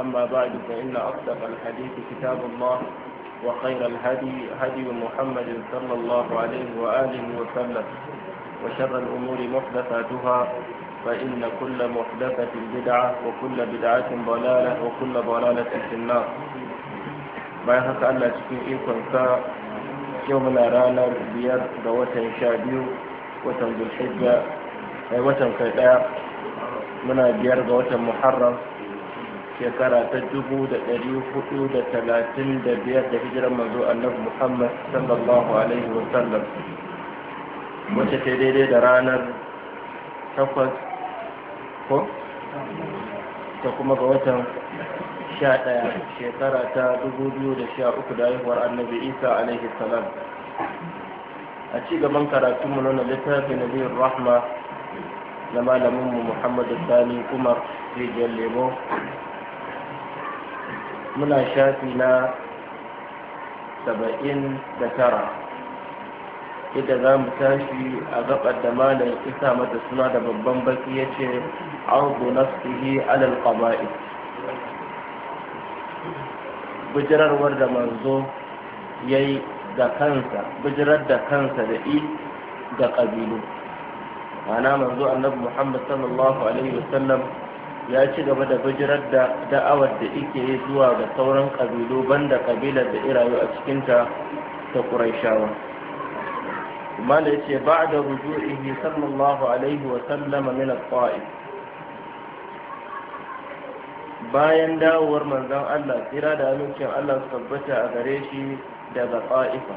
أما بعد فإن أصدق الحديث كتاب الله وخير الهدي هدي محمد صلى الله عليه وآله وسلم وشر الأمور محدثاتها فإن كل محدثة بدعة وكل بدعة ضلالة وكل ضلالة في النار ما يحق أن تكون ikonsa yau muna ranar biyar دوتا watan sha ذو الحجة zulhijja watan kai daya muna biyar shekara ta dubu da ɗari hudu da talatin da biyar da hijirar manzo annabi muhammad sallallahu alaihi wa sallam wacce ta daidai da ranar takwas ko ta kuma ga watan sha ɗaya shekara ta dubu biyu da sha uku da haihuwar annabi isa alaihi salam a ci gaban karatunmu na littafin nabiyar rahma na malaminmu muhammadu sani umar rijiyar lemo muna shafi na saba'in da tara inda za mu tashi a gabar da malam isa mata suna da babban baki ya ce arzu nafsihi alal qaba'id bijirarwar da manzo ya yi ga kansa bijirar da kansa da i ga ƙabilu ma'ana manzo annabi muhammad sallallahu alaihi ya ci gaba da bijirar da da'awar da ike yi zuwa ga sauran kabilu banda ƙabilar da irayu a cikinta ta ƙuraishawa kuma da yace ba da rujuihi sallallahu alaihi wa sallama min al-qa'id bayan dawowar manzon Allah tsira da amincin Allah su tabbata a gare shi daga qa'ifa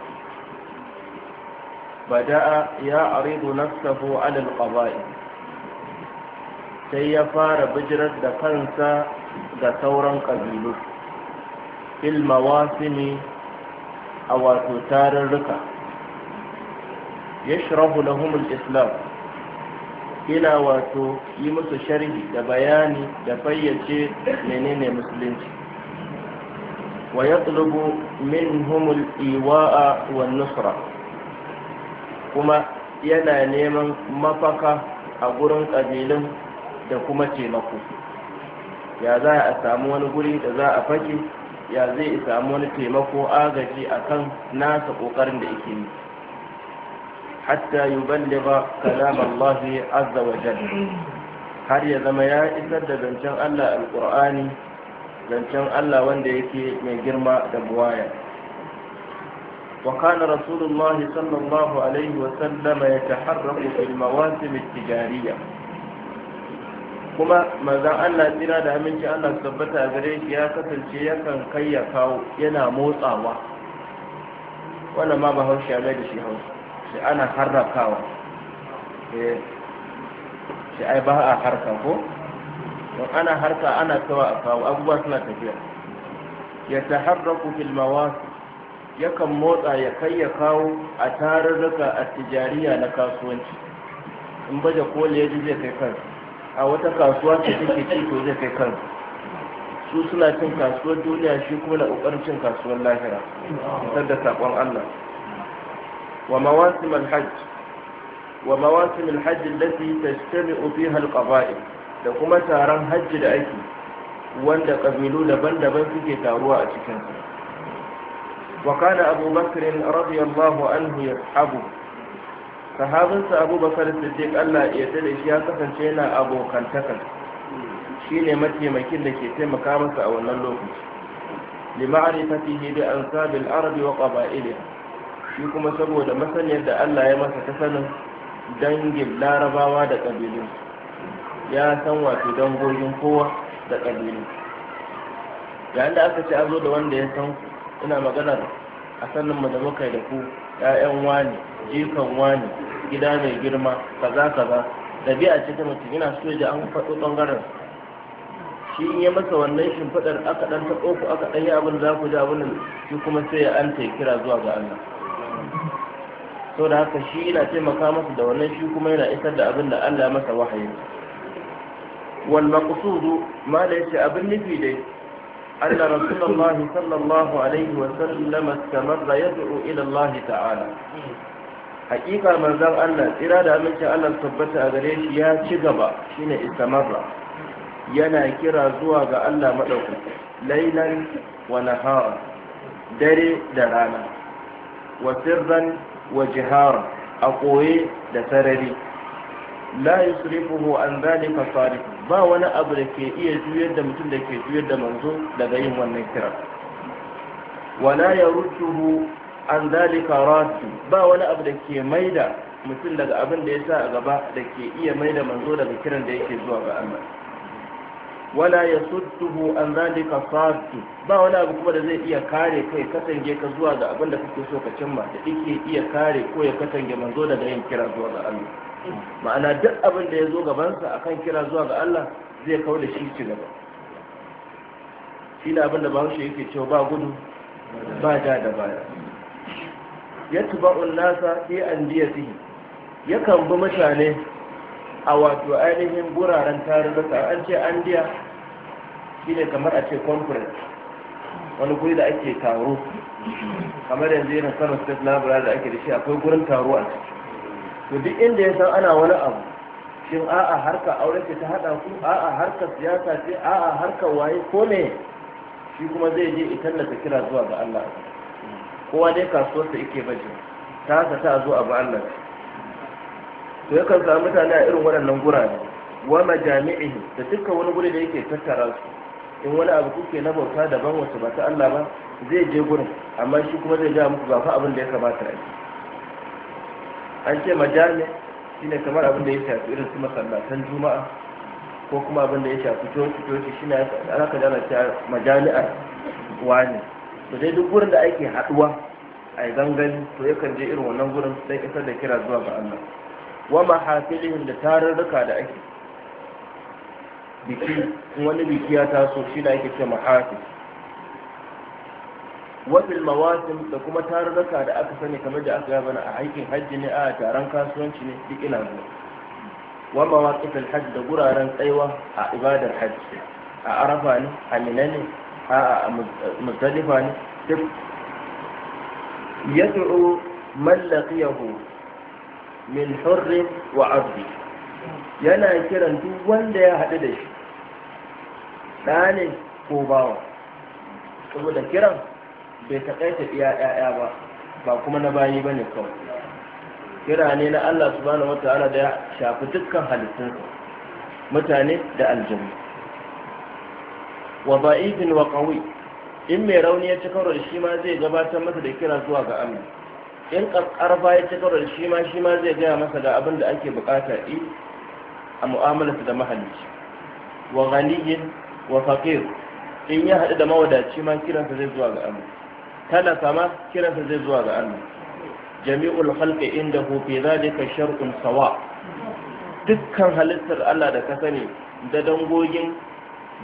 bada'a ya aridu nafsahu ala al-qaba'i sai ya fara bijirar da kansa ga sauran ƙabilu ne a wato tarurruka ya shirahu humul islam ina wato yi musu sharhi da bayani da fayyace menene musulunci wa ya tsulubu min humul iwa'a wa nusra kuma yana neman mafaka a gurin ƙabilun da kuma taimako ya za a samu wani guri da za a fake ya zai samu wani taimako agaji a kan nasa ƙoƙarin da yake yi hatta yuballigha kalam Allah azza wa har ya zama ya isar da zancen Allah Alƙur'ani, zancen Allah wanda yake mai girma da buwaya وكان رسول الله صلى الله عليه وسلم يتحرك في المواسم التجاريه kuma manzan Allah tsira da aminci Allah su tabbata gare shi ya kasance yakan kai ya kawo yana motsawa wannan ma ba haushi ya mai da shi haushi shi ana harrakawa eh, sai ai ba a harka ko don ana harka ana kawa a kawo abubuwa suna tafiya ya ta harraku filmawa yakan motsa ya kai ya kawo a tarurruka a tijariya na kasuwanci in baje koli ya ji zai kai kansu a wata kasuwa ce take ci to zai kai kan su suna cin kasuwar duniya shi kuma na ƙoƙarin cin kasuwar lahira fitar da saƙon Allah wa mawasim alhajj wa mawasim alhajj allati tajtami'u fiha alqaba'il da kuma taron hajji da ake wanda kabilu daban-daban suke taruwa a cikin sa wa kana Abu Bakr radiyallahu anhu yashabu sahabinsa abubakar siddiq allah ya da shi ya kasance yana abokantaka. shi ne mataimakin da ke taimaka masa a wannan lokaci lima'arifatihi bi ansabil arabi wa qaba'iliha shi kuma saboda masaniyar da Allah ya masa ta sanin dangin larabawa da kabilu ya san wato dangogin kowa da kabilu yayin da aka ce a zo da wanda ya san ina magana a sanin mu da muka yi da ku ƴaƴan wani jikan wani gida mai girma kaza kaza ɗabi'a ce ta mutum yana so da an faɗo ɓangaren shi in ya masa wannan shimfiɗar aka ɗan taɓo ku aka ɗan yi abin za ku ji abin shi kuma sai ya anta ya kira zuwa ga Allah so da haka shi yana taimaka masa da wannan shi kuma yana isar da abin da Allah ya masa wahayi wal maqsudu ma da yace abin nufi dai أن رسول الله صلى الله عليه وسلم استمر يدعو إلى الله تعالى حقيقة من ذا أن إرادة من شاء الله ثبت أغريش يا شغبا شين استمر ينا كرا زواغ ألا مدوك ليلا ونهارا دري درانا وسرا وجهارا أقوي دسرري لا يصرفه عن ذلك صارفه ba wani abu da ke iya juyar da mutum da ke juyar da manzo daga yin wannan kira wala ya rutuhu an zalika rasu ba wani abu da ke maida mutum daga abin da ya sa a gaba da ke iya maida manzo daga kiran da yake zuwa ga Allah wala ya sudduhu an zalika fatu. ba wani abu kuma da zai iya kare kai katange ka zuwa ga abin da kake so ka cimma da yake iya kare ko ya katange manzo daga yin kira zuwa ga Allah ma'ana duk abin da ya zo gabansa akan kira zuwa ga Allah zai kawo da shi ci gaba shi ne abin da bahaushe yake cewa ba gudu ba da da baya ya tuba'un nasa fi an jiya sihi yakan bi mutane a wato ainihin guraren da an ce an diya. shi ne kamar a ce conference wani guri da ake taro kamar yanzu yana kano state library da ake da shi akwai gurin taro a ciki to duk inda ya san ana wani abu shin a'a harka aure ce ta haɗa ku a'a harka siyasa ce a'a harka waye ko me shi kuma zai je ita tallata kira zuwa ga Allah kowa dai kasuwar ta yake baje ta haka ta zo abu Allah to yakan samu mutane a irin waɗannan gurare wa majami'ihi da dukkan wani guri da yake tattara su in wani abu kuke na bauta daban wacce ba ta Allah ba zai je gurin amma shi kuma zai ja muku ba fa abin da ya kamata a yi an ce majami shine kamar abin da ya shafi irin su masallatan juma'a ko kuma abin da ya shafi coci coci shi ne ana da jana ta majami'ar wani to dai duk wurin da ake haɗuwa a yi zangani to kan je irin wannan gurin don isar da kira zuwa ga Allah wa mahafilihim da tarurruka da ake biki wani biki ya taso shi da ake ce mahafil wasil mawasin da kuma tarurruka da aka sani kamar da aka yaba a aikin hajji ne a taron kasuwanci ne duk ina zuwa wa mawasin hajj da guraren tsaiwa a ibadar hajji a arafa ne a mina ne a muzdalifa ne duk yad'u mallaki yahu min hurr wa abdi yana kiran duk wanda ya haɗu da shi ɗane ko bawa saboda kiran bai taƙaita iya ƴaƴa ba ba kuma na bayi ba ne kawai kira ne na Allah subhanahu wataala da ya shafi dukkan halittunsa mutane da aljanna wa da'ifin wa qawi in mai rauni ya ci da shi ma zai gabatar masa da kira zuwa ga amin in karfa ya ci da shi ma shi ma zai gaya masa da abin da ake bukata yi a mu'amalarsa da mahalicci wa ganiyin wa faqir in ya haɗu da mawadaci ma kiransa zai zuwa ga amin talaka ma kiransa zai zuwa ga Allah jami'ul khalqi indahu fi zalika shar'un sawa dukkan halittar Allah da ka sani da dangogin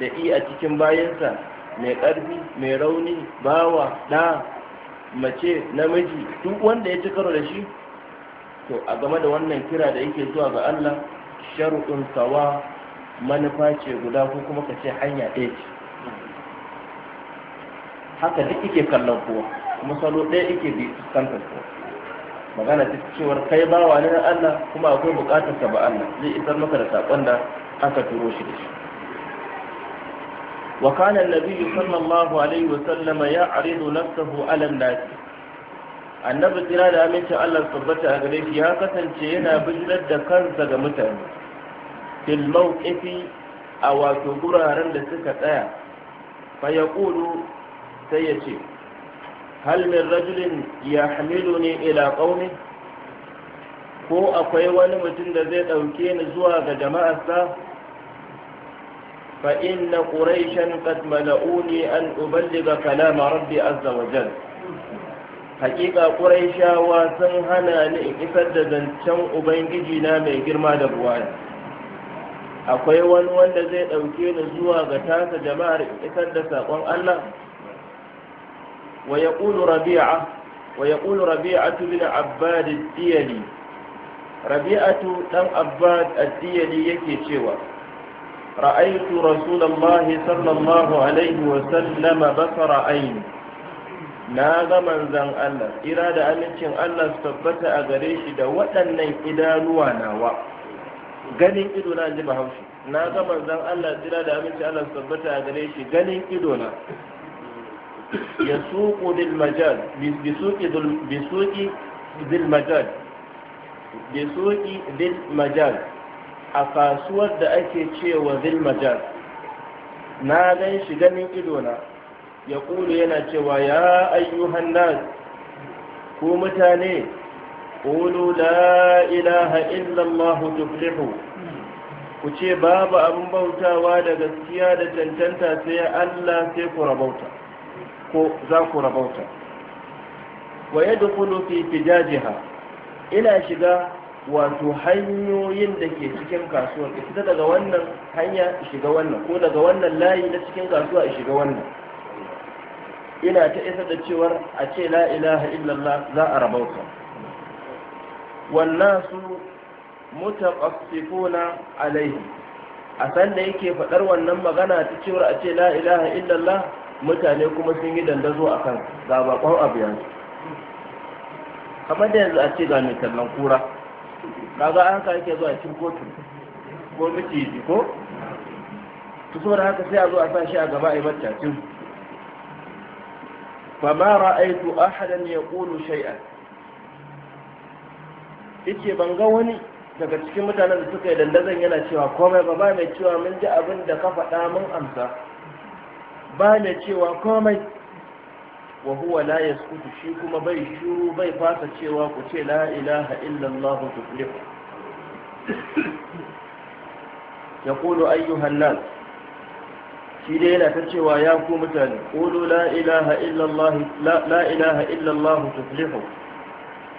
da i a cikin bayansa mai ƙarfi mai rauni bawa da mace namiji duk wanda ya ci da shi to a game da wannan kira da yake zuwa ga Allah shar'un sawa manufa ce guda ko kuma ka ce hanya ɗaya ce haka duk ike kallon kowa kuma salo ɗaya ike bi fuskantar kowa magana ta cewar kai bawa ne na Allah kuma akwai buƙatar ka ba Allah zai isar maka da sakon da aka turo shi da shi wa kana annabi sallallahu alaihi wa sallam aridu nafsuhu ala an-nas annabi tira da amince Allah tabbata a gare shi ya kasance yana bijirar da kansa ga mutane fil mawqifi a wato guraren da suka tsaya fa yaqulu sai ya ce hal min rajulin ya hamilu ne ila ƙauni ko akwai wani mutum da zai ɗauke ni zuwa ga jama'arsa fa inna quraishan kat mala'uni an uballiga kalama rabbi azza wa jal haƙiƙa quraishawa sun hana ni in da zancen ubangiji na mai girma da buwaya akwai wani wanda zai ɗauke ni zuwa ga tasa jama'ar isar da saƙon Allah ويقول ربيعة ويقول ربيعة بن عباد الديلي ربيعة بن عباد الديلي يكي شوى رأيت رسول الله صلى الله عليه وسلم بصر عين na ga manzan Allah ira da amincin Allah su tabbata a gare shi da waɗannan idanuwa nawa ganin ido na ji bahaushe na ga manzan Allah jira da amincin Allah su tabbata a gare shi ganin ido na Yasuqin Vilmajas, a kasuwar da a ke cewa Vilmajas, na ganshi ganin idona. Yaƙulu yana cewa ya ayyuhan nasu. Ku mutane ku wani la'ilaha illar mahu jikulet Ku ce babu abin bautawa da gaskiya da tantanta sai Allah sai ku rabauta ko za ku rabauta wa yadkhulu fi tijajiha ina shiga wato hanyoyin da ke cikin kasuwar ita daga wannan hanya shiga wannan ko daga wannan layi na cikin kasuwa shiga wannan ina ta isa da cewar a ce la ilaha illallah za a rabauta wannan su mutaqaffifuna alaihi a sanda yake faɗar wannan magana ta cewar a ce la ilaha illallah mutane kuma sun yi dandazo a kan ga bakon abu yanzu kamar da yanzu a ce ga mai tallan kura kaga an haka yake zuwa cin kotu ko yi ko so da haka sai a zo a sashi shi a gaba a yi barcacin ma ra'aitu ahadan ya kulu shai'a ike ban ga wani daga cikin mutanen da suka yi dandazon yana cewa komai ba ba mai cewa mun ji abin da ka faɗa mun amsa ba na cewa komai wa huwa la yaskutu shi kuma bai shiru bai fasa cewa ku ce la ilaha illallah ya Kulu ayyuhan nas shi dai yana ta cewa ya ku mutane Kulu la ilaha illallah la ilaha illallah tuflihu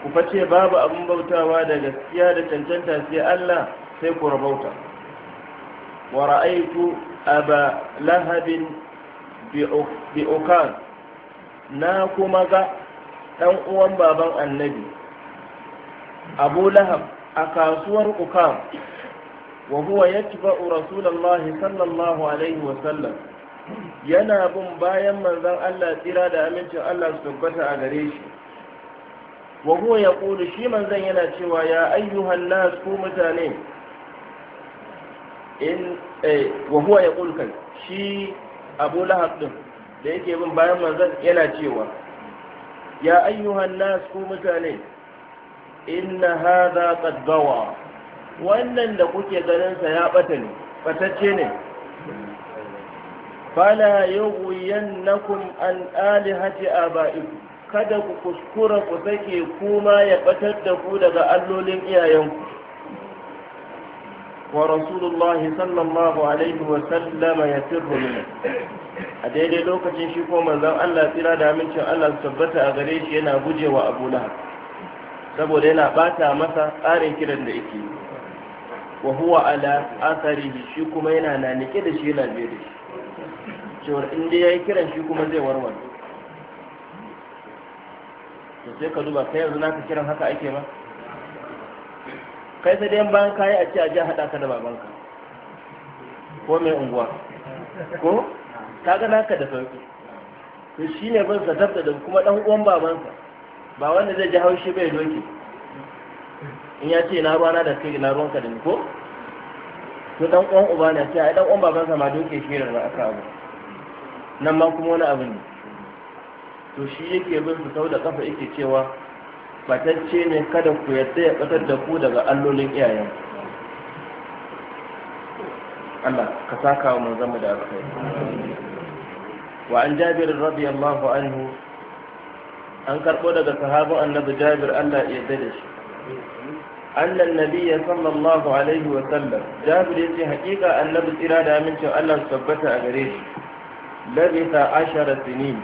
ku face babu abin bautawa da gaskiya da cancanta sai Allah sai ku rabauta wa ra'aytu aba lahabin bi ukan na kuma ga ɗan uwan baban annabi abu lahab a kasuwar ukan wa huwa ba rasulullahi sallallahu alaihi wa sallam yana bin bayan manzon Allah tsira da amincin Allah su tabbata a gare shi wa huwa yaqulu shi manzon yana cewa ya ayyuhan nas ku mutane in eh wa huwa yaqulu kai shi abu lahab din da yake bin bayan manzan yana cewa ya ayyuhan nas ku mutane inna hadha qad gawa wannan da kuke ganin sa ya bata ne batacce ne fala yughyannakum an alihati abaikum kada ku kuskura ku sake kuma ya ɓatar da ku daga allolin iyayenku ورسول الله صلى الله عليه وسلم يفر منه a daidai lokacin shi ko manzon Allah tsira da amincin Allah su tabbata a gare shi yana gujewa Abu Lahab saboda yana bata masa tsarin kiran da yake wa huwa ala atharihi shi kuma yana na da shi yana biye da shi cewar in dai yayi kiran shi kuma zai warware to sai ka duba kai yanzu naka kiran haka ake ma kai sai dai bayan kayi a ce a ji haɗa ka da babanka ko mai unguwa ko ka ga naka da sauki to shine ban sa tabda da kuma dan uwan babansa ba wanda zai ji haushi bai doki in ya ce na ruwana da kai na ruwanka da ni ko to dan uwan uba ne sai ai dan uwan babansa ma doke shi da aka abu nan ma kuma wani abu ne to shi yake bin su sau da kafa yake cewa Fatacce ne kada ku yadda ya batar da ku daga allolin iyayen Allah ka saka wa manzanmu da alkhairi wa an jabir radiyallahu anhu an karbo daga sahabin annabi jabir Allah ya yarda da shi أن النبي صلى الله عليه وسلم جابر يجي tsira da لبس Allah su tabbata a gare shi. Labisa عشر سنين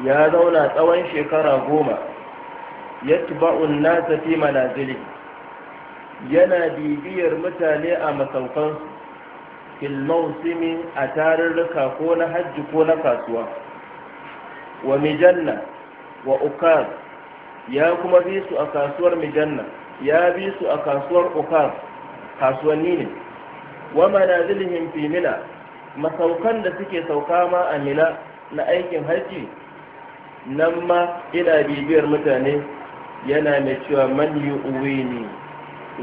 Ya zauna tsawon shekara goma. yatba'un an-nasa fi manazili yana bibiyar mutane a masaukan fil mawsimi a tarurruka ko na hajji ko na kasuwa wa mijanna wa ukaz ya kuma bi su a kasuwar mijanna ya bi su a kasuwar ukaz kasuwanni ne wa manazilihim fi mina masaukan da suke sauka ma a mina na aikin hajji nan ma ina bibiyar mutane yana mai cewa man uwe ne,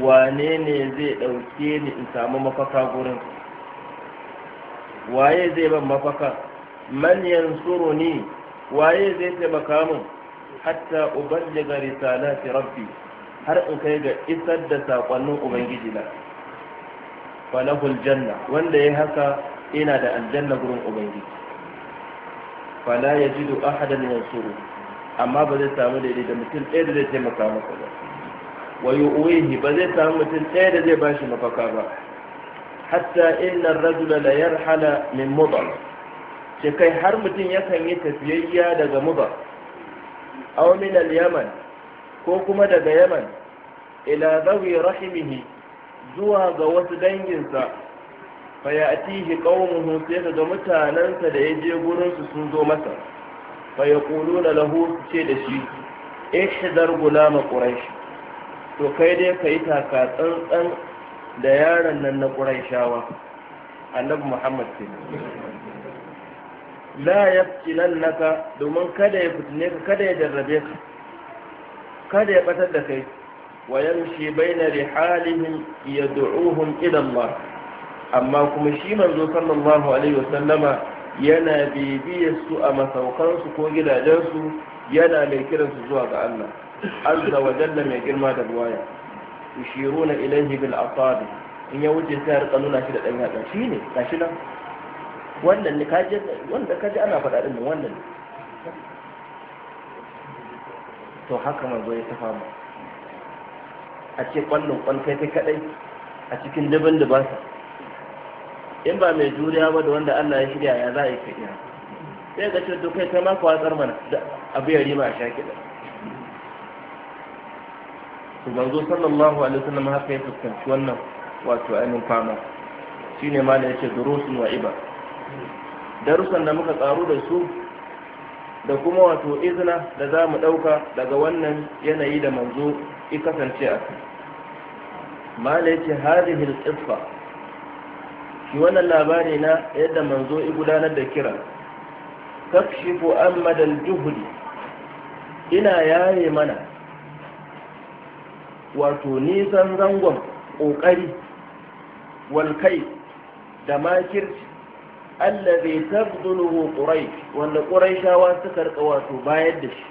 wane ne zai ɗauke ni in samu mafaka gurin waye zai ban mafaka man yansuru ni waye zai taimaka min hatta Risala risalati rabbi har in kai ga isar da sakonnin ubangiji na falahul janna wanda ya haka ina da aljanna gurin ubangiji fala yajidu ahadan yansuru amma ba zai samu daidai da mutum ɗaya da zai taimaka masa ba wayo yu'wihi ba zai samu mutum ɗaya da zai bashi mafaka ba hatta inna ar-rajula la yarhala min mudar ce kai har mutum yakan yi tafiyayya daga mudar aw min al-yaman ko kuma daga yaman ila zawi rahimihi zuwa ga wasu danginsa fa ya'tihi qaumuhu sai ga mutanansa da ya je gurin su sun zo masa fa na lahu ce da shi ihdar gulama quraish to kai dai ka yi taka tsantsan da yaron nan na ƙurashawa. annabi muhammad sallallahu la naka domin kada ya fitine ka kada ya jarrabe ka kada ya batar da kai wa yamshi halihin iya yad'uhum idan ba. amma kuma shi manzo sallallahu alaihi wasallama yana bibiyar su a masaukansu ko gidajensu yana mai kiransu zuwa ga Allah azza wa jalla mai girma da ruwaya yushiruna ilaihi bil aqab in ya wuce sai har kanuna shi da dan shi shine gashi nan wannan ne kaje wanda kaje ana faɗa din wannan to haka manzo ya tafa mu a ce kwallon kwan kai kadai a cikin dabin da in ba mai juriya ba da wanda Allah ya shirya ya za a yi ka sai ga cewa to kai kai ma tsar mana da abu ya rima a sha kiɗa to manzo sallallahu alaihi wasallam haka ya fuskanci wannan wato ainihin fama shine ma da yace durusun wa iba darussan da muka tsaro da su da kuma wato izina da za mu ɗauka daga wannan yanayi da manzo ya kasance a kai ma da yace hadihil qissa shi wannan labari na yadda manzo i gudanar da kira takshifu ammadal juhudi ina yaye mana wato nisan zangon ƙoƙari walkai da makirci allabe tabduluhu ƙurai wanda shawa suka rika wato bayar da shi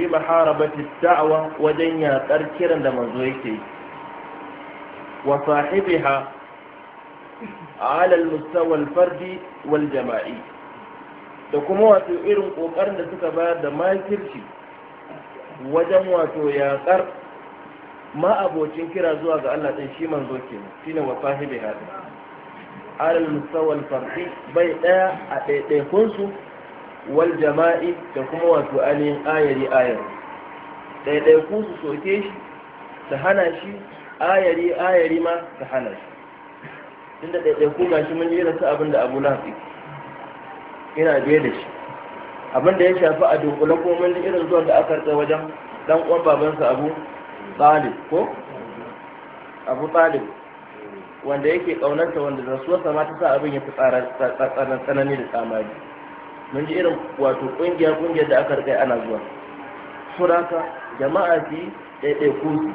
bi maharabati da'awa wajen yaƙar kiran da manzo yake yi wa sahibiha على المستوى الفردي والجماعي da kuma wato irin kokarin da suka bayar da makirci wajen wato yaƙar ma'abocin kira zuwa ga Allah ɗin shi manzo ke shine wa sahibi hadi alal mustawal fardi bai ɗaya a ɗaiɗaikun su wal jama'i da kuma wato ainihin ayari ayari ɗaiɗaikun su soke shi ta hana shi ayari ayari ma ta hana shi tun da ɗaiɗaiku ga shi mun jera su abin da abu lafi ina biye da shi abin da ya shafi a dunkule ko mun ji irin zuwan da aka rasa wajen dan uwan babansa abu talib ko abu talib wanda yake ƙaunarta wanda rasuwarsa ma ta sa abin ya fi tsanani da tsamari mun ji irin wato kungiya ƙungiyar da aka rika ana zuwa suraka jama'a fi ɗaiɗaiku su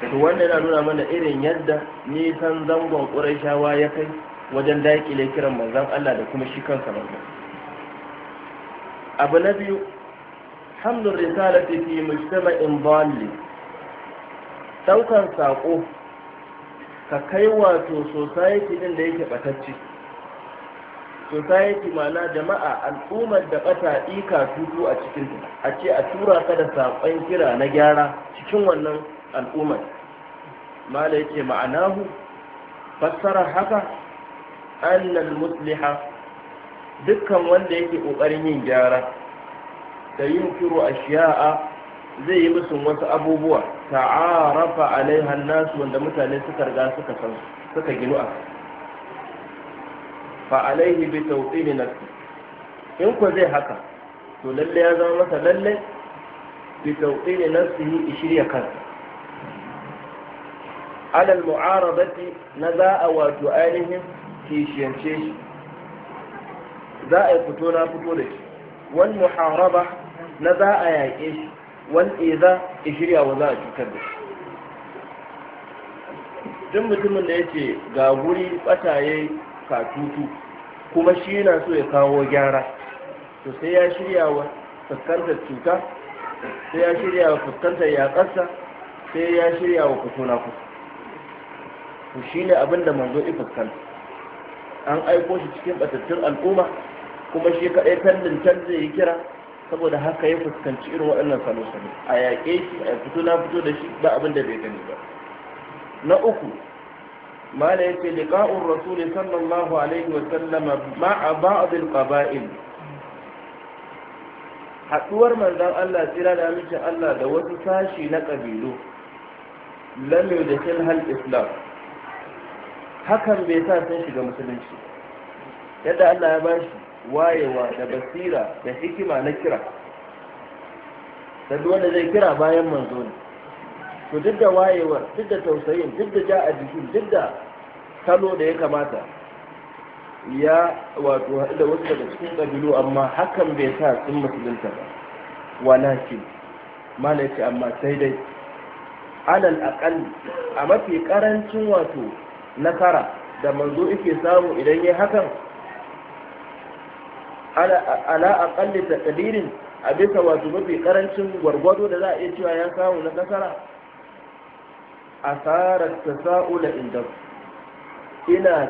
to wanda yana nuna mana irin yadda nisan zangon ƙuraishawa ya kai wajen daƙile kiran manzan Allah da kuma shi kansa manzan abu na biyu hamdun risalati fi mujtama'in dalli daukan sako ka kai wato society din da yake batacce society ma'ana jama'a al'ummar da bata ika tutu a cikin a ce a tura ka da sakon kira na gyara cikin wannan al'ummar da yake ma'anahu fassara haka annal musliha dukkan wanda yake ƙoƙarin yin gyara da yin a shi'a zai yi musu wasu abubuwa ta'arafa alaiha nasu wanda mutane suka riga suka san suka ginu a fa alaihi bi tawqili nasu in ko zai haka to lalle ya zama masa lalle bi yi nafsihi shirya kansa alal mu'aradati na za a wato ainihin kishiyance shi za a yi fito na fito da shi Wani muharaba na za a yaƙe shi Wani iza a shirya wa za a cutar da shi duk mutumin da ya ce ga guri ɓataye katutu kuma shi yana so ya kawo gyara to sai ya shirya wa fuskantar cuta sai ya shirya wa fuskantar yaƙarsa sai ya shirya wa fito na kusa to ne abin da manzo ya fuskanta an aiko shi cikin batattun al'umma kuma shi kaɗai tallin zai yi kira saboda haka ya fuskanci irin waɗannan salo-salo a yaƙe shi a fito na fito da shi ba abin da bai gani ba na uku mala ya ce liƙa'un rasuli sallallahu alaihi wa sallama a ba'adil qaba'il haɗuwar manzan Allah tsira da amincin Allah da wasu sashi na ƙabilu da yudkhil hal islam hakan bai sa sun shiga musulunci yadda Allah ya bashi wayewa da basira da hikima na kira duk wanda zai kira bayan manzo ne to duk da wayewar duk da tausayin duk da ja a jikin duk da kalo da ya kamata ya wato haɗu da wasu daga cikin ƙabilu amma hakan bai sa sun musulunta ba walakin malaki amma sai dai alal aqal a mafi ƙarancin wato nasara da manzo yake samu idan ya hakan ala aqalli taqdirin a bisa wato mafi karancin gwargwado da za a iya cewa ya samu na nasara ta tasa'ula inda ina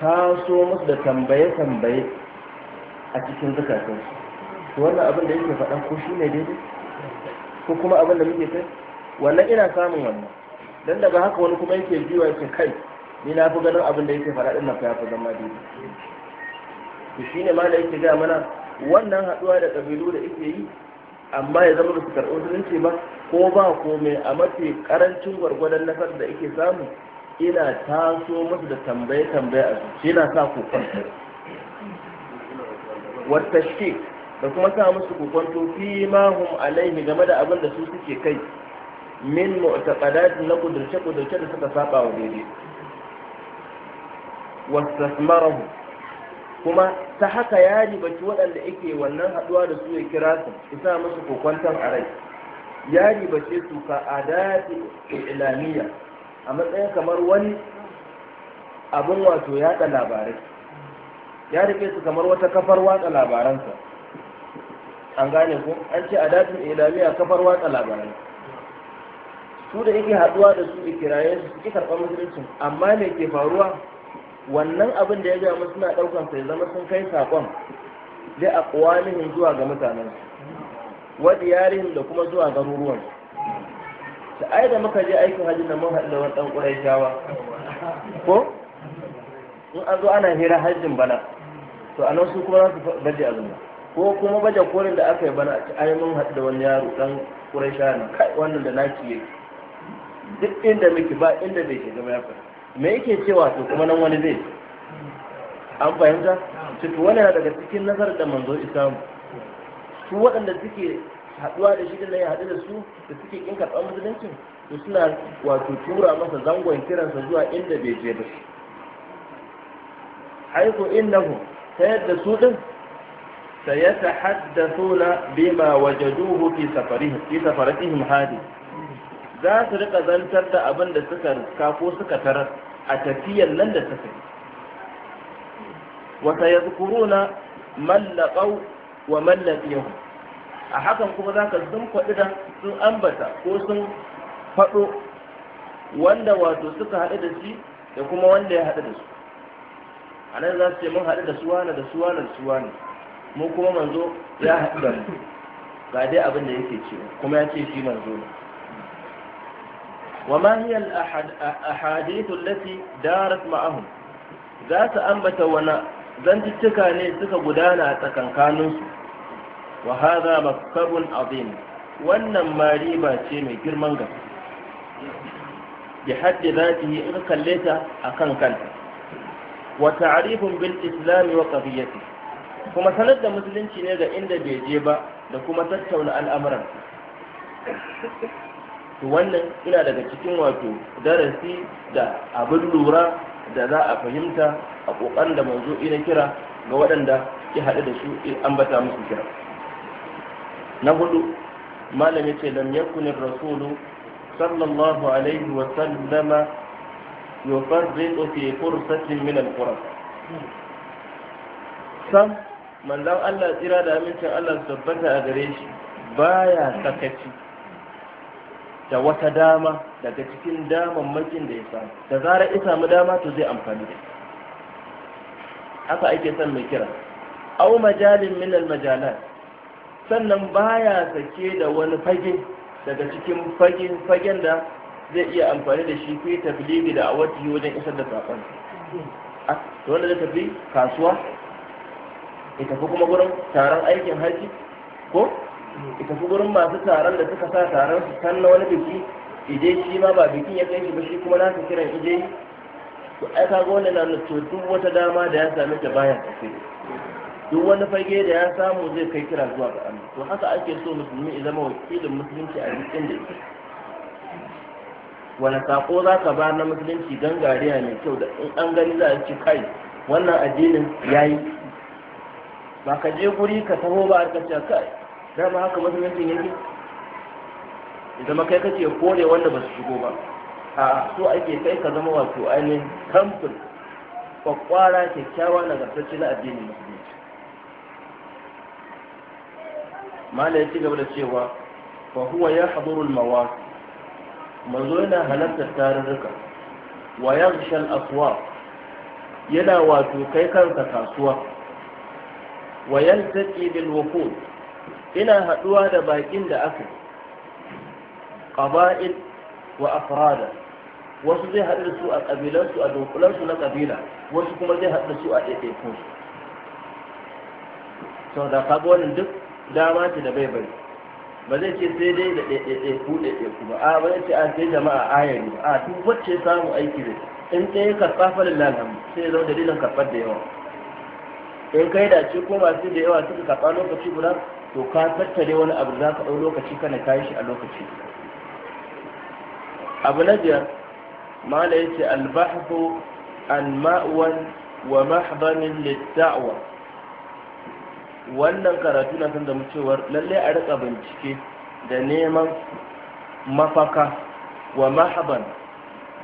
taso musu da tambaye-tambaye a cikin zukatansu wannan abin da yake faɗa ko shi ne daidai ko kuma abin da muke kai wannan ina samun wannan dan daga haka wani kuma yake jiwa yake kai ni na fi ganin abin da yake fara din nan fa ya fi zama Da to shine ma da yake ga mana wannan haduwa da kabilu da yake yi amma ya zama su karɓo musulunci ba ko ba komai a mafi karancin gwargwadon nasar da yake samu ina taso musu da tambaye-tambaye a zuci yana sa kokon wata shi da kuma sa musu kokon to fi mahum alaihi game da abin da su suke kai min mu'taqadat na kudurce kudurce da suka saba wa daidai wastasmarahu kuma ta haka ya ribaci waɗanda yake wannan haɗuwa da su ya kira su isa musu kokwantan a rai ya ribace su ka adati ilamiya a matsayin kamar wani abin wato yaɗa labarai ya rike su kamar wata kafar watsa labaransa an gane ku an ce adatin ilamiya kafar watsa labarai su da yake haduwa da su da kiraye su suke karɓar musulunci amma me ke faruwa wannan abin da ya ga musu suna ɗaukan sai zama sun kai saƙon da aqwalihim zuwa ga mutanen wa diyarihim da kuma zuwa garuruwan ta ai da muka je aikin hajji na mun haɗu da wani ɗan ƙuraishawa ko in an zo ana hira hajjin bana to a nan su kuma za su baje abin ko kuma baje kolin da aka yi bana a ai mun haɗu da wani yaro ɗan ƙuraishawa na kai wannan da naki yake duk inda muke ba inda bai shiga ba ya fara me yake cewa to kuma nan wani zai an fahimta cikin wani na daga cikin nazar da manzo isamu su waɗanda suke haɗuwa da shi da ya haɗu da su da suke ƙin karɓar musulunci, to suna wato tura masa zangon kiransa zuwa inda bai je ba haiku innahu ta yadda su ɗin suna bima wajaduhu fi safarihim fi safaratihim hadi za su rika zantar da abin da suka kafo ko suka tarar a tafiyar nan da suka yi wata ya na mallakau wa yau. a hakan kuma za ka sun faɗi da sun ambata ko sun faɗo wanda wato suka haɗu da shi da kuma wanda ya haɗu da su a nan za su ce mun haɗu da na, da na, da na. mu kuma manzo ya haɗu da mu ga dai abin da yake cewa kuma ya ce shi manzo ne وما هي الأحاديث التي دارت معهم ذات أنبت ونا suka التكاني تكا قدانا تكن وهذا مكتب عظيم wannan ma ba ce mai girman gaske bi haddi zatihi in kalle ta akan kanta wa ta'rifun bil islam kuma sanar da musulunci ne ga inda bai je ba da kuma tattauna al'amuran to wannan ina daga cikin wato darasi da abin lura da za a fahimta a ƙoƙarin da manzo ina kira ga waɗanda ki haɗu da su ambata musu kira na hudu malam yace lam yakun ar-rasul sallallahu alaihi wa sallam yufarridu fi fursatin min al-qura sam manzon Allah tsira da amincin Allah tabbata a gare shi baya sakaci da wata dama daga cikin daman makin da ya samu da zarar ya samu dama to zai amfani da haka ake son mai kira au majalin min majalat sannan baya sake da wani fage daga cikin fagen fagen da zai iya amfani da shi fi tabligi da awati wajen isar da sakon a wanda zai tafi kasuwa ya tafi kuma gurin taron aikin haji ko ita fi gurin masu taron da suka sa taron su san na wani biki ije shi ma ba bikin ya kai shi ba shi kuma na kiran ije to ai kaga wannan na nuna duk wata dama da ya same ta bayan tafi duk wani fage da ya samu zai kai kira zuwa ga Allah to haka ake so musulmi ya zama wakilin musulunci a cikin da yake wani sako za ka ba na musulunci gangariya mai kyau da in an gani za a ci kai wannan addinin yayi ba ka je guri ka taho ba ka ka kai dama haka musulunci yankin ya zama kai kake kore wanda ba su shigo ba a so ake kai ka zama wato ainihin kamfin kwakwara kyakkyawa na nagartacce na addinin musulunci mala ya ci gaba da cewa fa huwa ya haɗurul mawa manzo yana halartar tarurruka wa ya shal aswa yana wato kai kanka kasuwa wa yaltaqi bil wufud ina haɗuwa da bakin da aka ƙaba'il wa afrada wasu zai haɗu da su a ƙabilansu a dunkulansu na ƙabila wasu kuma zai haɗu da su a ɗaiɗaikunsu sau da kaga wannan duk dama ce da bai bai ba zai ce sai dai da ɗaiɗaiku ɗaiɗaiku ba a ba zai ce a sai jama'a ayari ba a duk wacce samu aiki ne. in yi karɓa falin lalhamu sai ya zama dalilin karɓar da yawa in kai da ce ko masu da yawa suka karɓa lokaci guda to ka tattare wani abu za ka ɗau lokaci kana kayi shi a lokaci abu na biyar mala ce albahu an Ma'uwan wa mahdanin Littawa, wannan karatu na sanda cewar lalle a rika bincike da neman mafaka wa mahaban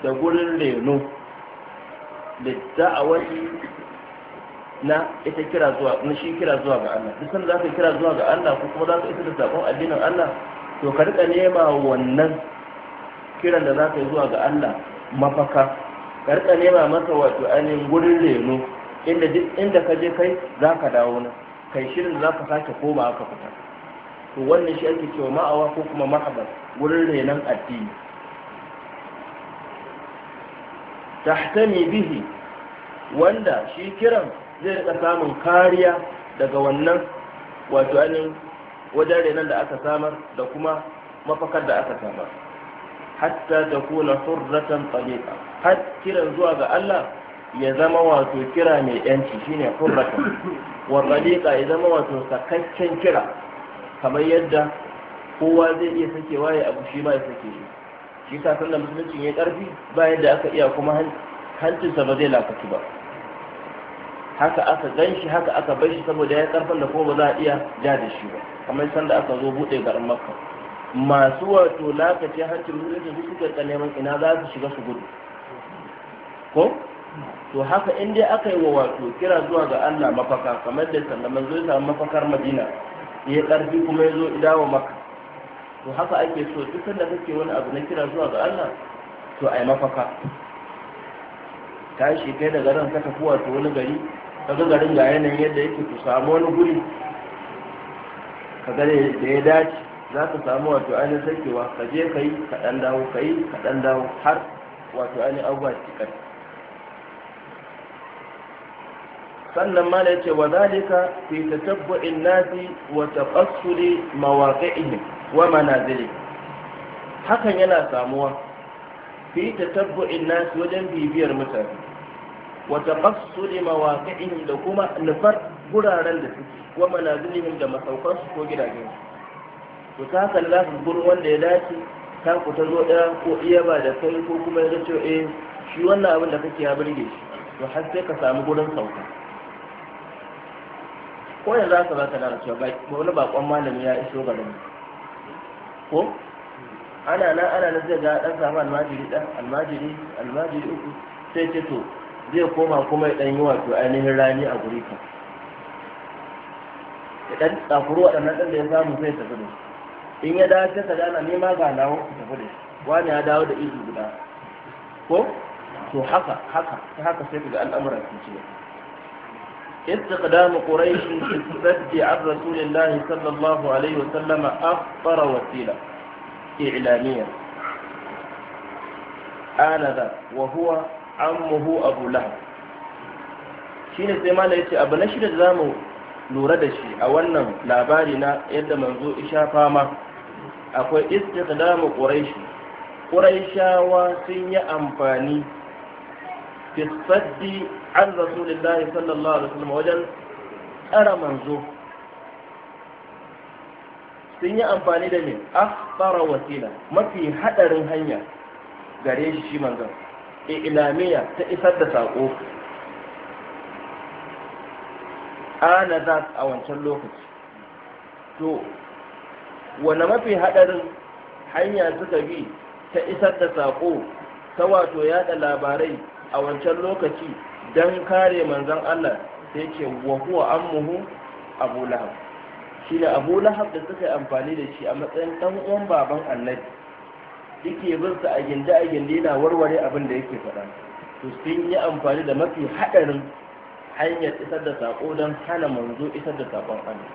da gurin reno Littawa. na ita kira zuwa na shi kira zuwa ga Allah duk sanda zaka kira zuwa ga Allah ko kuma zaka isa da sakon addinin Allah to ka rika nema wannan kiran da zaka yi zuwa ga Allah mafaka ka rika nema masa wato ainihin gurin reno inda duk inda ka je kai zaka dawo na kai shirin zaka sake koma aka fita to wannan shi ake cewa ma'awa ko kuma marhaban gurin renon addini tahtami bihi wanda shi kiran zai ka samun kariya daga wannan wato ainihin wajen renon da aka samar da kuma mafakar da aka samar hatta ta kuna furratan tsalika har kiran zuwa ga Allah ya zama wato kira mai yanci shine furratan. wa ya zama wato sakakken kira kamar yadda kowa zai iya sakewa ya abu shi ma ya sake shi shi ta sannan musulunci ya karfi ba yadda aka iya kuma hancinsa ba zai lakatu ba haka aka ganshi haka aka bai shi saboda ya karfan da kuma ba za a iya ja da shi ba kamar sanda aka zo bude garin makka masu wato lakace hancin musulunci su suke ta neman ina za su shiga su gudu ko to haka in dai aka yi wa wato kira zuwa ga allah mafaka kamar da sallaman zo ya samu mafakar madina ya karfi kuma ya zo dawo maka to haka ake so duk sanda kake wani abu na kira zuwa ga allah to a yi mafaka tashi kai da garin ka tafi wato wani gari kaga garin ga yanayin yadda yake ku samu wani guri kaga da ya dace za ka samu wato ainihin sarkewa ka je ka yi kaɗan dawo ka yi kaɗan dawo har wato ainihin abubuwa cikar sannan ma da ce wa zalika fi tatabbu'in nasi wa tafassuli mawaqi'ihim wa manazili hakan yana samuwa fi tatabbu'in nasi wajen bibiyar mutane wata basu ne mawaƙa'ihim da kuma nufar guraren da suke wa manazilihim da masaukansu ko gidajensu to ta haka lafin gurin wanda ya dace ta ku ta zo ɗaya ko iya ba da kai ko kuma ya zace eh shi wannan abin da kake ya burge shi to har sai ka samu gurin sauka ko yanzu haka za ka lara cewa wani bakon malami ya iso garin ko ana nan ana nan zai ga ɗan samu almajiri ɗan almajiri almajiri uku sai ce to zai koma kuma ya ɗan yi wato ainihin rani a guri ka ya ɗan tsakuro waɗannan ɗan da ya samu zai tafi da in ya dawo sai ka ne nema ga nawo ka tafi da wani ya dawo da izu guda ko to haka haka ta haka sai ga al'amuran sun ce استقدام قريش في السد عن رسول الله صلى الله عليه وسلم أخطر وسيلة إعلامية آنذا وهو ammuhu abu lahab shine sai mala ya ce abu na shida zamu lura da shi a wannan labari na yadda manzo isha fama akwai damu ƙuraishi ƙuraishawa sun yi amfani fi saddi an rasulillahi sallallahu alaihi wasallam wajen tsara manzo sun yi amfani da a tsara wasila mafi hadarin hanya gare shi shi manzon ilamiya ta isar da saƙo ana za a wancan lokaci to wane mafi haɗarin hanya suka bi ta isar da saƙo ta wato yada labarai a wancan lokaci don kare manzan Allah sai ce wa huwa ammuhu abu shi ne abu lahab da suka yi amfani da shi a matsayin ɗan uwan baban annabi yake bin sa a gindi a gindi yana warware abin da yake faɗa to sun yi amfani da mafi haɗarin hanyar isar da saƙo don hana manzo isar da saƙon hannu.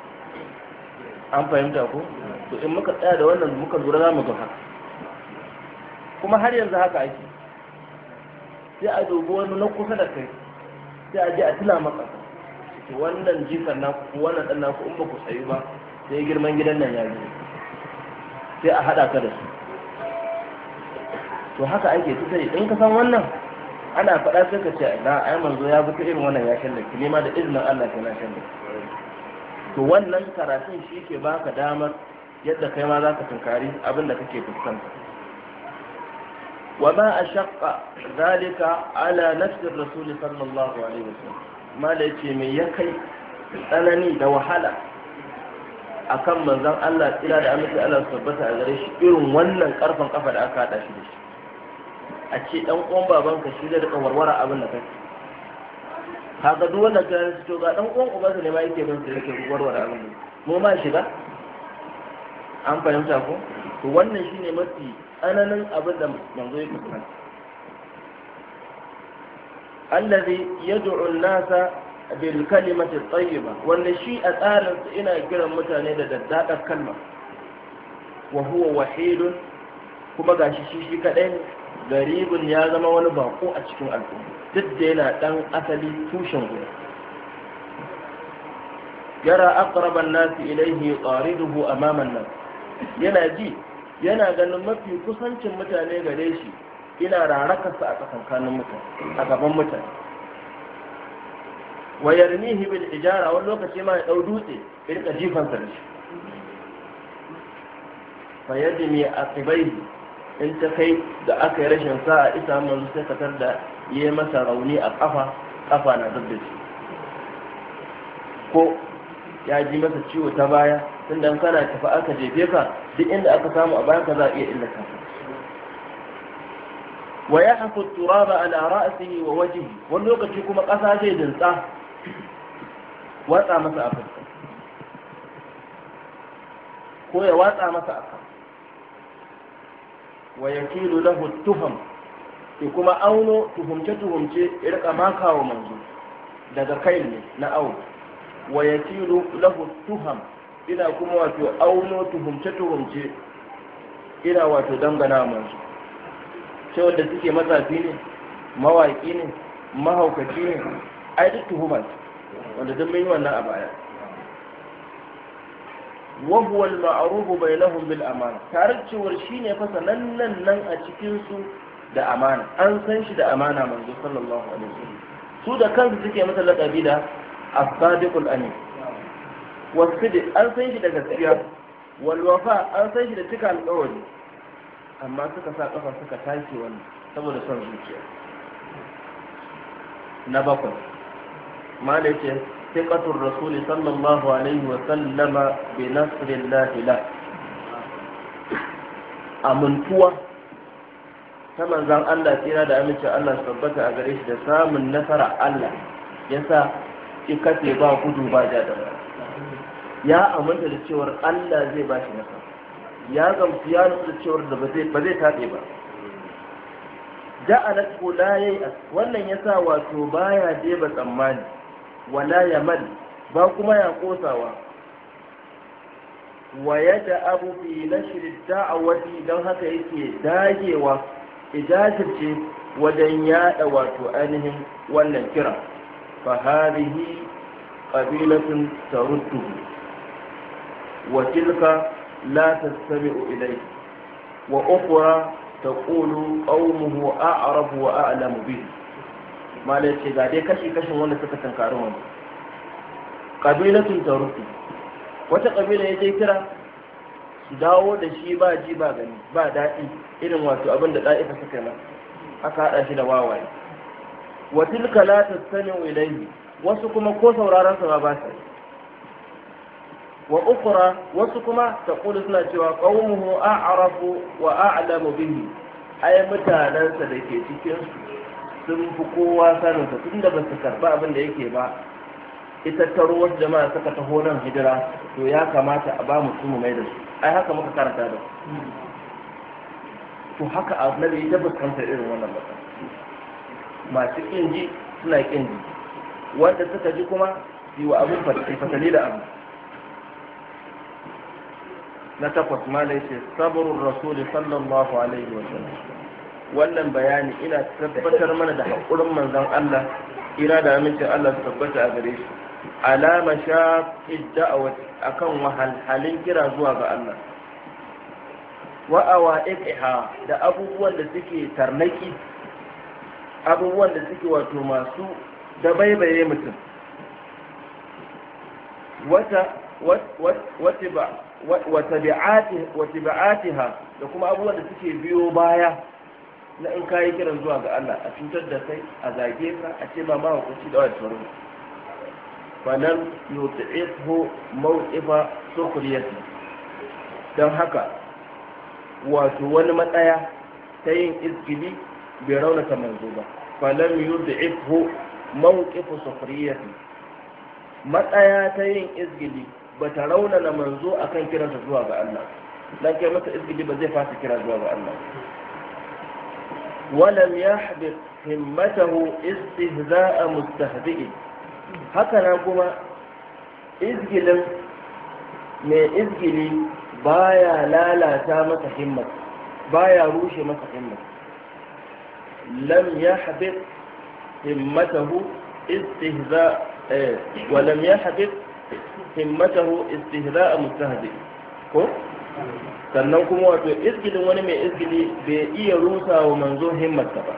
an fahimta ko to in muka tsaya da wannan muka lura za mu ga haka kuma har yanzu haka ake sai a dubi wani na kusa da kai sai a je a tuna maka wannan jikar na ku wannan ɗan na ku in ba ku tsayi ba sai girman gidan nan ya zo sai a haɗa ka da su to haka ake ta in ka san wannan ana faɗa sai ka ce na ai manzo ya bi irin wannan ya shallake ne ma da izinin Allah ke na shallake to wannan karatun shi ke baka damar yadda kai ma za ka tunkari abin da kake fuskanta wa ma a shaƙa zalika ala nafsir rasuli sallallahu alaihi wasallam mala yace me ya kai tsanani da wahala a kan manzon Allah tsira da amince Allah tabbata a gare shi irin wannan karfan kafa da aka hada shi da shi a ce ƙon uwan babanka shi zai da warware abin da ka kaga duk wanda ka yi to ga ɗan ƙon ubansa ne ma yake bin su yake warware abin da mu ma shiga an fahimta ko to wannan ne mafi tsananin abin da manzo ya kuma allazi yad'u an-nasa bil kalimati tayyiba wanda shi a tsarin sa ina kiran mutane da daddadar kalma wa huwa wahidun kuma gashi shi shi kadai ne garibin ya zama wani bako a cikin al'umma duk da yana dan asali tushen gudu yara aqraban nasi ilaihi qariduhu amaman nas yana ji yana ganin mafi kusancin mutane gare shi ina rarakarsa a tsakankanin mutane a gaban mutane Wayar ni bil ijara wani lokaci ma ya dau dutse irka jifan jifansa da shi fa aqibaihi in ta kai da aka yi rashin sa'a isa manzo sai katar da ya masa rauni a kafa kafa na zub da shi ko ya ji masa ciwo ta baya da kana tafi aka jefe ka duk inda aka samu a baya ka za a iya illa ka wa ya haku turaba ala ra'sihi wa waje. wani lokaci kuma ƙasa zai dintsa watsa masa a fuska ko ya watsa masa a fuska wa yakilu lahu tuham ki kuma auno tuhumce tuhumce ya rika makawa manzo daga kai ne na au wa yakilu lahu tuham ina kuma wato auno tuhumce tuhumce ina wato dangana manzo sai wanda suke matsafi ne mawaki ne mahaukaci ne ai duk tuhumar wanda duk mun yi wannan a baya wa huwa bai maruf bainahum bil amana tare cewar shine fa sanannan nan nan a cikinsu da amana an san shi da amana manzo sallallahu alaihi wasallam su da kansu suke masa laqabi da as-sadiqul amin wasidq an san shi da gaskiya wal wafa an san shi da cika alƙawari amma suka sa kafa suka take wannan saboda son zuciya na bakwai malai ce ثقة الرسول صلى الله عليه وسلم بنصر الله له amintuwa ta manzan Allah tsira da amincin Allah su tabbata a gare shi da samun nasara Allah ya sa ikate ba gudu ba ja da ya aminta da cewar Allah zai ba shi nasara ya gamsu ya nutsu da cewar da ba zai taɓe ba ja'alat la yayi wannan yasa wato baya je ba tsammani wala yamal ba kuma ya kosawa wa ya abu fi a da'awati don haka yake dagewa idajirce wajen yada wato ainihin wannan kira fa harihi qabilatun sarutu wa tilka la sami ilai wa ukhra ƙaunuhu a a'rafu wa a'lamu bihi malai ce ga dai kashi kashin wanda suka tankari wani ƙabilatun taruku wata kabila ya je kira su dawo da shi ba ji ba gani ba daɗi irin wato abin da ɗa'ifa suka yi aka haɗa shi da wawaye wa tilka la tastami'u wasu kuma ko sauraron sa ba sa wa ukura wasu kuma ta kudu suna cewa a a'rafu wa a'lamu bihi yi mutanansa da ke cikinsu sun fi kowa saninsa tun da ba su karɓi abin da yake ba ita tarowar jama'a suka taho nan hijira to ya kamata a ba mu su mu mai da su ai haka muka karanta da to haka annabi ya fuskanta irin wannan matsala masu kin ji suna kin ji wanda suka ji kuma yi wa abin fatali da abu na takwas ma da yake sabrul rasuli sallallahu alaihi wa sallam wannan bayani ina tabbatar mana da haƙurin manzan Allah ina da amincin Allah su tabbata a gare shi alama shafi da'awa kan wahalhalin kira zuwa ga Allah Wa'awa awa'iqiha da abubuwan da suke tarnaki abubuwan da suke wato masu da baibaye mutum wata wata wata da kuma abubuwan da suke biyo baya na in kayi kiran zuwa ga Allah a cutar da kai a zage ka a ce ba ma hukunci da ruwa sauran falan yuti'hu mawqifa sukhriyati dan haka wato wani matsaya ta yin izgili bai raunata manzo ba falan yuti'hu mawqifa sukhriyati matsaya ta yin izgili ba ta raunana manzo akan kiransa zuwa ga Allah dan kai masa izgili ba zai fasa kira zuwa ga Allah ولم يحبط همته استهزاء مستهزئ هكذا كما izgilin mai izgili baya lalata masa himmat baya rushe masa himmat lam ya haɓe himmatahu istihza wa ko sannan kuma wato izgilin wani mai izgili bai iya rusa wa manzo himmata ba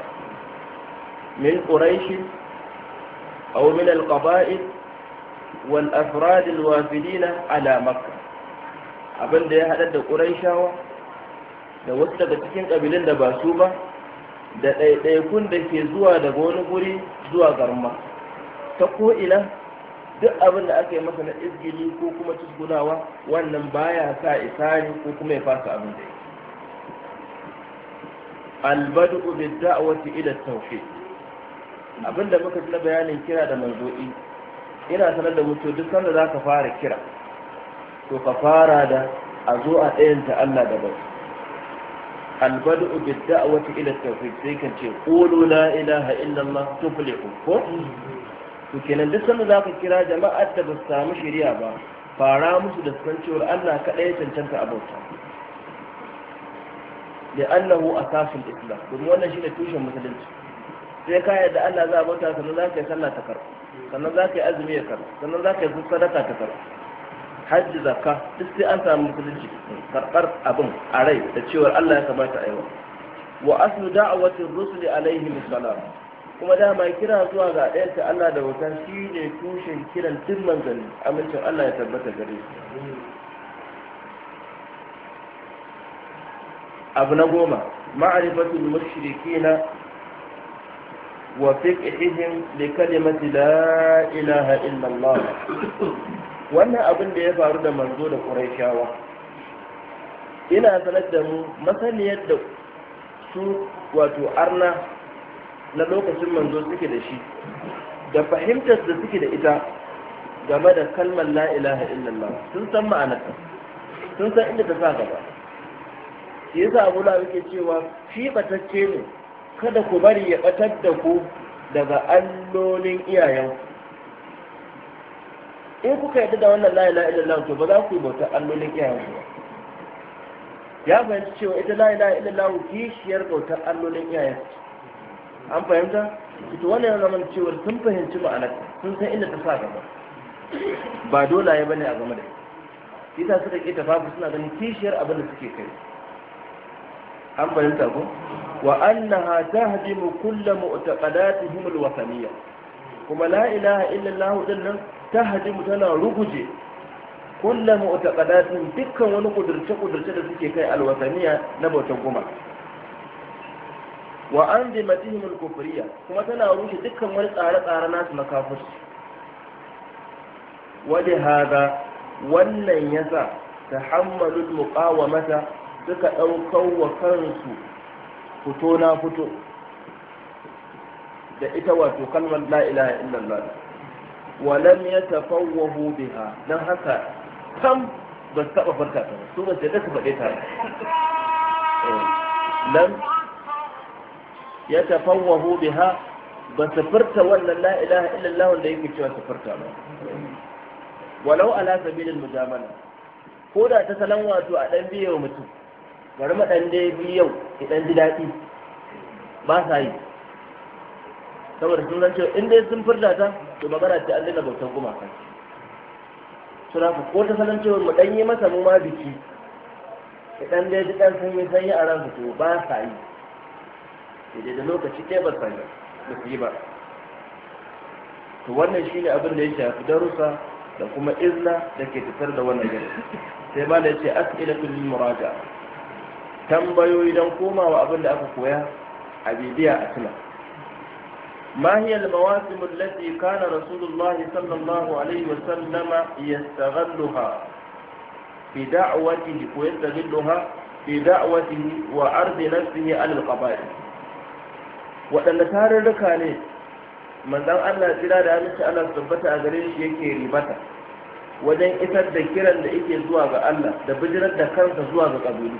min quraishi aw min al wal afrad al-wafidina ala makkah abinda ya hada da quraishawa da wasu daga cikin kabilan da ba su ba da ɗaiɗaikun da ke zuwa daga wani guri zuwa garma ta ko'ina duk abin da aka yi masa na izgili ko kuma cizgunawa wannan baya sa isari ko kuma ya fasa abin da yake albadu bid wata ila tawhid abinda muka ji na bayanin kira da manzo'i ina sanar da mutu duk sanda za ka fara kira to ka fara da a zo a ta Allah da bai albadu bid wata ila tawhid sai kace, ce qulu la ilaha illallah tuflihu ko to kenan duk sanda za ka kira jama'ar da ba su samu shari'a ba fara musu da san cewa Allah kaɗai ya cancanta a bauta da annahu asasul islam domin wannan shine tushen musulunci sai ka yarda Allah za a bauta sannan za ka yi sallah ta karɓa sannan za ka yi azumi ya karɓa sannan za ka yi sadaka ta karɓa hajji zakka duk sai an samu musulunci karɓar abin a rai da cewar Allah ya kamata a yi wa wa aslu da'awatir rusuli alaihi salam kuma dama kira zuwa ga ɗayan ta Allah da wuta shi ne tushen kiran duk manzanni amincin Allah ya tabbata gare shi abu na goma ma'arifatul mushrikina wa fiqhihim li kalimati la ilaha illa Allah wannan abin da ya faru da manzo da Qurayshawa ina sanar da mu masaniyar da su wato arna na lokacin manzo suke da shi da fahimtar da suke da ita game da kalmar la ilaha illallah sun san ma'anarta sun san inda ta sa gaba shi yasa abu la yake cewa shi batacce ne kada ku bari ya batar da ku daga allolin iyayen in kuka yarda da wannan la ilaha illallah to ba za ku yi bautar allolin iyayen ku ya fahimci cewa ita la ilaha illallah kishiyar bautar allolin iyayen ku an fahimta ita wannan zaman cewar sun fahimci ma'anar sun san inda ta sa gaba ba dole ya bane a game da shi ita suka ke tafafu suna ganin kishiyar abin da suke kai an fahimta ko wa annaha tahdimu kullu mu'taqadatihim alwataniyya kuma la ilaha illa allah din nan tahdimu tana ruguje kullu mu'taqadatihim dukkan wani kudurce kudurce da suke kai alwataniyya na bautan gumaka wa an zimatihim al-kufriya kuma tana rushe dukkan wani tsare-tsare nasu na kafirci wali hada wannan yasa tahammalul muqawamata suka daukar wa kansu fito na fito da ita wato kalmar la ilaha illallah wa lam yatafawwahu biha dan haka kam ba su taba farka ta su ba su da su faɗe ta eh, lam ya tafawwahu biha ba su furta wannan la ilaha illallah wanda yake cewa su furta ba walau ala sabilil mujamala ko da ta salon wato a dan biyo mutum bari mu dan dai biyau ɗan ji daɗi ba sa yi saboda sun zance in dai sun furta ta to bara ce an dina bautan gumaka suna ku ko ta salon cewa mu ɗan yi masa mu ma biki idan dai ji ɗan sanyi sanyi a ransu to ba sa yi idan da lokaci ke kebar sanya da yi ba to wannan shi ne da ya shafi darussa da kuma izna da ke tattar da wannan gari sai ma da ya ce as ila kullum muraja tambayoyi don komawa abin da aka koya a bibiya a tuna mahiya lamawasi mullafi kana rasulullah sallallahu alaihi wa sallama ya tsagallu ha fi da'awatihi ko ya tsagallu ha fi da'awatihi wa arzi nasihi alil qabari waɗanda tarurruka ne manzan Allah tsira da aminci Allah su tabbata a gare shi yake ribata wajen isar da kiran da yake zuwa ga Allah da bijirar da kansa zuwa ga kabili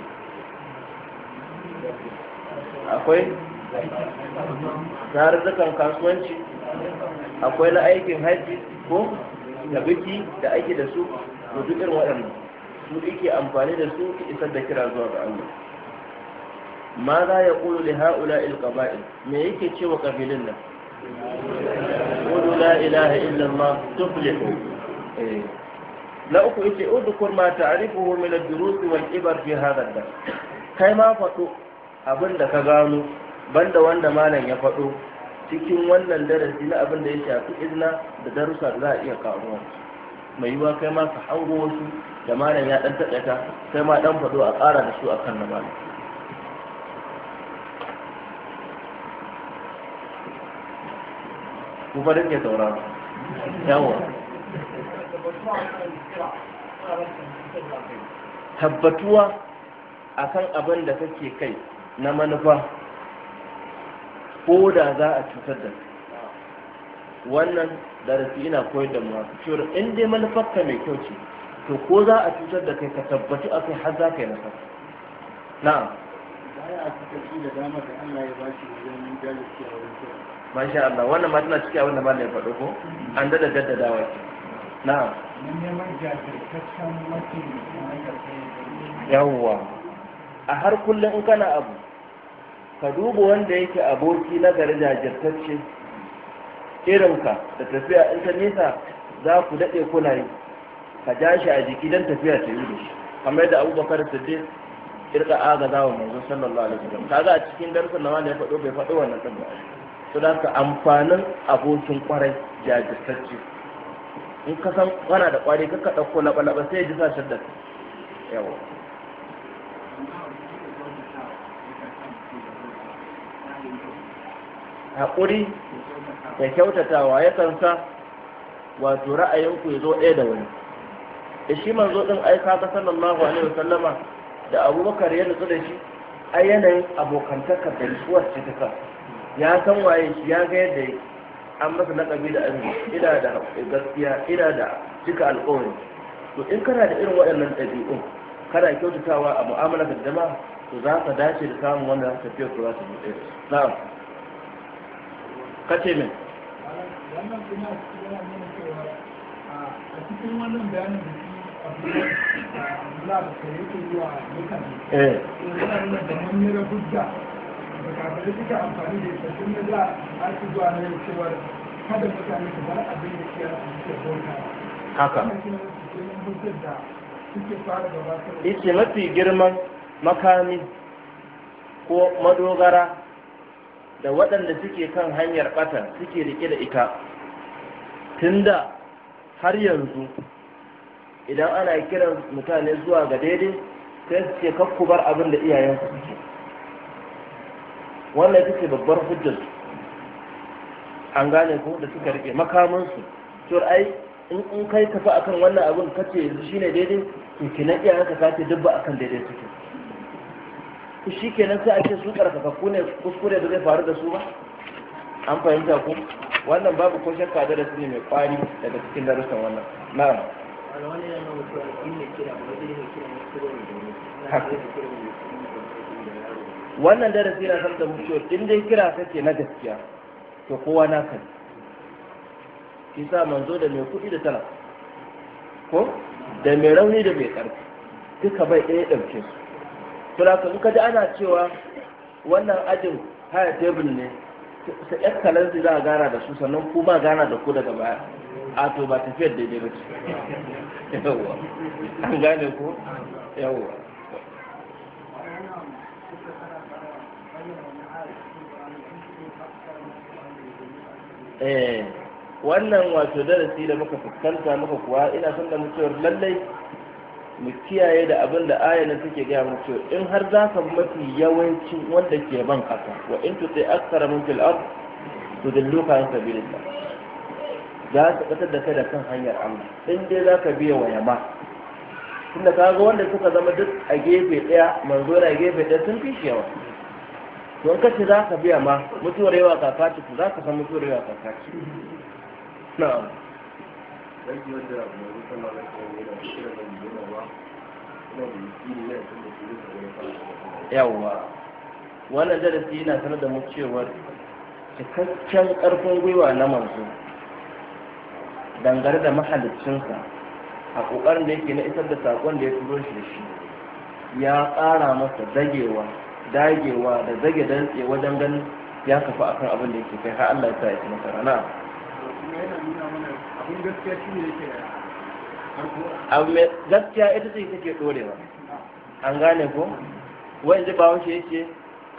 akwai tarurrukan kasuwanci akwai na aikin hajji ko da biki da ake da su da duk irin waɗannan su ike amfani da su isar da kira zuwa ga Allah ma za ya ƙulu li ha'ula il qaba'il me yake cewa kabilun nan qulu la ilaha illar ma tuflihu eh. Na uku yace udkur ma ta'rifuhu min ad-durus wal ƙibar fi hadha da. kai ma faɗo abin da ka gano banda wanda malam ya faɗo cikin wannan darasi na abin da ya shafi izina da darussa da za a iya karuwa mai yiwa kai ma ka hango wasu da malam ya ɗan taɗaka kai ma ɗan faɗo a ƙara da su a kan na malam ku fa dake sauraro yawa tabbatuwa akan abin da kake kai na manufa ko da za a cutar da wannan darasi ina koyar da mu haka cewa in dai manufarka mai kyau ce to ko za a cutar da kai ka tabbatu a kai har za ka yi nasara na'am baya a cikin da dama da Allah ya bashi wajen jajircewa wajen masha Allah wannan ma tana ciki abin da malam ya faɗo ko an dada jaddadawa ke na'am yawwa a har kullum in kana abu ka duba wanda yake aboki na gari jajirtacce irinka da tafiya in ta nisa za ku daɗe kuna yi ka ja shi a jiki don tafiya ta yi da shi kamar yadda abubakar siddiq irka za wa manzo sallallahu alaihi wasallam kaga a cikin na da ya faɗo bai faɗo wannan ɗin ba su amfanin abokin kwarai jajirtacce in ka san kwana da kwari ka ka ɗauko sai ya ji sashen da yawa haƙuri da kyautatawa yakan sa wato ra'ayinku ya zo ɗaya da wani da shi manzo ɗin ai kaga sallallahu alaihi wasallama da abubakar ya nutsu da shi a yanayin abokantakar da risuwar ce ta ya san waye shi ya ga yadda yake an masa laƙabi da an ina da gaskiya ina da cika alƙawari to in kana da irin waɗannan ɗabi'un kana kyautatawa a mu'amala da jama'a to za ka dace da samun wanda tafiyar ku za ta buɗe na'am kace min wannan kuma yana nuna cewa a cikin wannan bayanin da shi a da yake zuwa mutane yana nuna da mamira hujja kafin suke amfani da ita sun da za a ci zuwa na yau cewar kada mutane su bar abin da ke suke bauta haka yake mafi girman makami ko madogara da waɗanda suke kan hanyar ɓata suke rike da ita tunda har yanzu idan ana kiran mutane zuwa ga daidai sai su ce kakku bar abin da iyayensu suke wannan ita ce babbar hujjar su an gane ko da suka rike makamin su to ai in in kai fa akan wannan abun kace yanzu shine daidai to na iya ka kace dubba akan daidai suke to shikenan sai ake su karfafa ne kuskure da zai faru da su ba an fahimta ku wannan babu ko shakka da su ne mai kwari daga cikin darussan wannan na'am haka wannan darasi na san da mutuwa in dai kira kake na gaskiya to kowa na kai shi sa manzo da mai kuɗi da talaka ko da mai rauni da mai ƙarfi duka bai ɗaya ɗauke su to da ka ji ana cewa wannan ajin haya tebul ne ta ƴar su za a gana da su sannan kuma gana da ku daga baya a to ba tafiyar daidai ba ce yawwa an gane ko yawwa Eh, wannan wato darasi da muka fuskanta muka kuwa ina son da mutuwar lallai mu kiyaye da abin da ayanin suke gaya mutuwa in har za ka mafi yawancin wanda ke ban kasa wa in tu sai aksara min fil ard to dillu ka an da za ka kasar da kai da kan hanyar Allah in dai za ka biya wa yama tunda kaga wanda suka zama duk a gefe daya manzo na gefe daya sun fi shi yawa to ka ce za ka biya ma mutuwar yawa kaka ce za ka san mutuwar yawa kaka ce na'am yawwa wannan darasi yana sanar da mu cewar cikakken karfin gwiwa na manzo dangane da mahalicinsa a ƙoƙarin da yake na isar da saƙon da ya turo shi da shi ya ƙara masa dagewa dagewa da zage dantse wajen ganin ya kafa akan abin da yake kai har Allah ya sa ya ci nasara na gaskiya ita ce take dorewa an gane ko wai ji bawon shi yake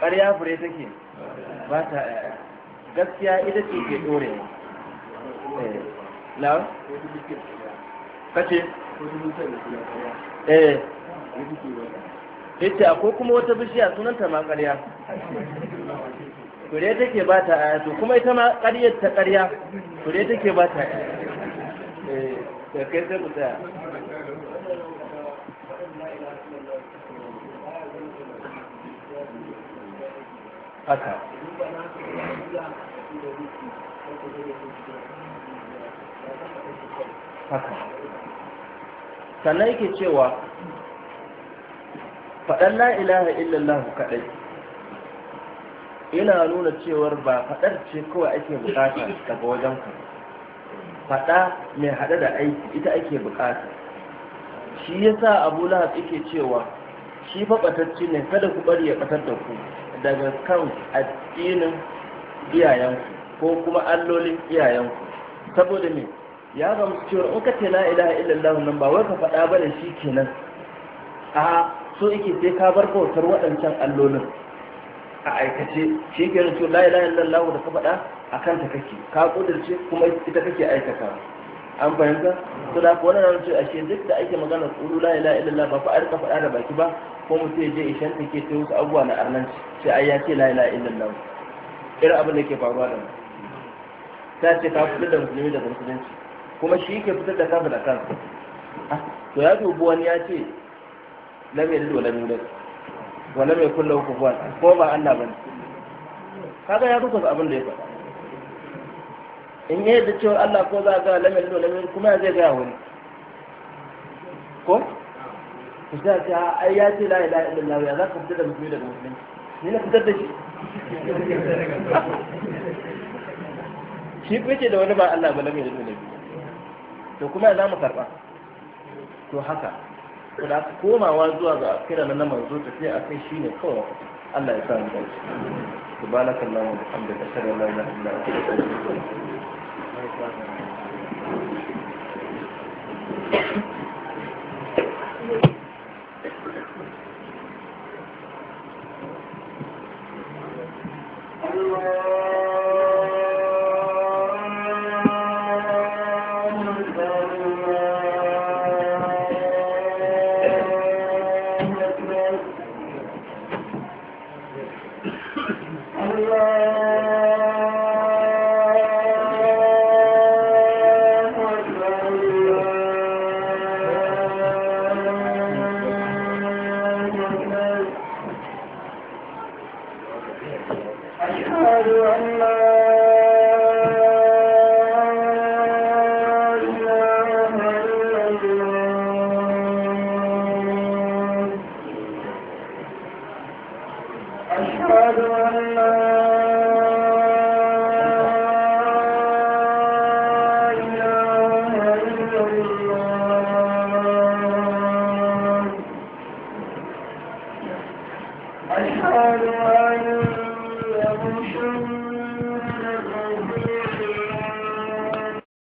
ƙarya fure take ba ta gaskiya ita ce ke dorewa eh. na'am kace eh yace akwai kuma wata bishiya sunanta ma ƙarya kure take ba ta aya to kuma ita ma ƙaryar ta ƙarya fure take ba ta aya da eh, kai sai ku tsaya haka haka sannan yake cewa faɗan la ilaha illallah kaɗai Ina nuna cewar ba faɗar ce kawai ake bukata daga wajen ka faɗa mai haɗe da aiki ita ake bukata shi ya sa abu lahab yake cewa shi fa ɓatacci ne kada ku bari ya ɓatar da ku daga kan addinin iyayenku ko kuma allolin iyayenku saboda me ya gamsu cewar in ka ce la ilaha illallah nan ba wai ka faɗa ba da shi kenan a so yake sai ka bar bautar waɗancan allolin a aikace shi ke rinto la ilaha illallah da ka faɗa a kan ta kake ka kudirce kuma ita kake aikata an fahimta to da ko wannan ce ashe duk da ake magana qulu la ilaha illallah ba fa a rika faɗa da baki ba ko mutum je ishan take ta wasu abubuwa na arnanci sai ai ya ce la ilaha illallah irin abin da ke faruwa da mu ta ce ka fitar da musulmi daga musulunci kuma shi ke fitar da kafin da kansa ah, to ya dubu wani ya ce lam yalid wa lam yulad wa lam yakul lahu kufuwan ko ba Allah bane kaga ya rubuta abin da ya faɗa in ya yadda cewa Allah ko za ga lam yalid wa yulad kuma zai ga wani ko kusa ta ai ya ce la ilaha illallah ya za ka fitar da mutum daga musulmi ni na fitar da shi shi kuke da wani ba Allah ba lam yalid wa yulad to kuma ya za mu karba to haka ko da aka komawa zuwa ga akira na manzo tafiya shi ne kawai Allah ya sa mu dace na wa bihamdika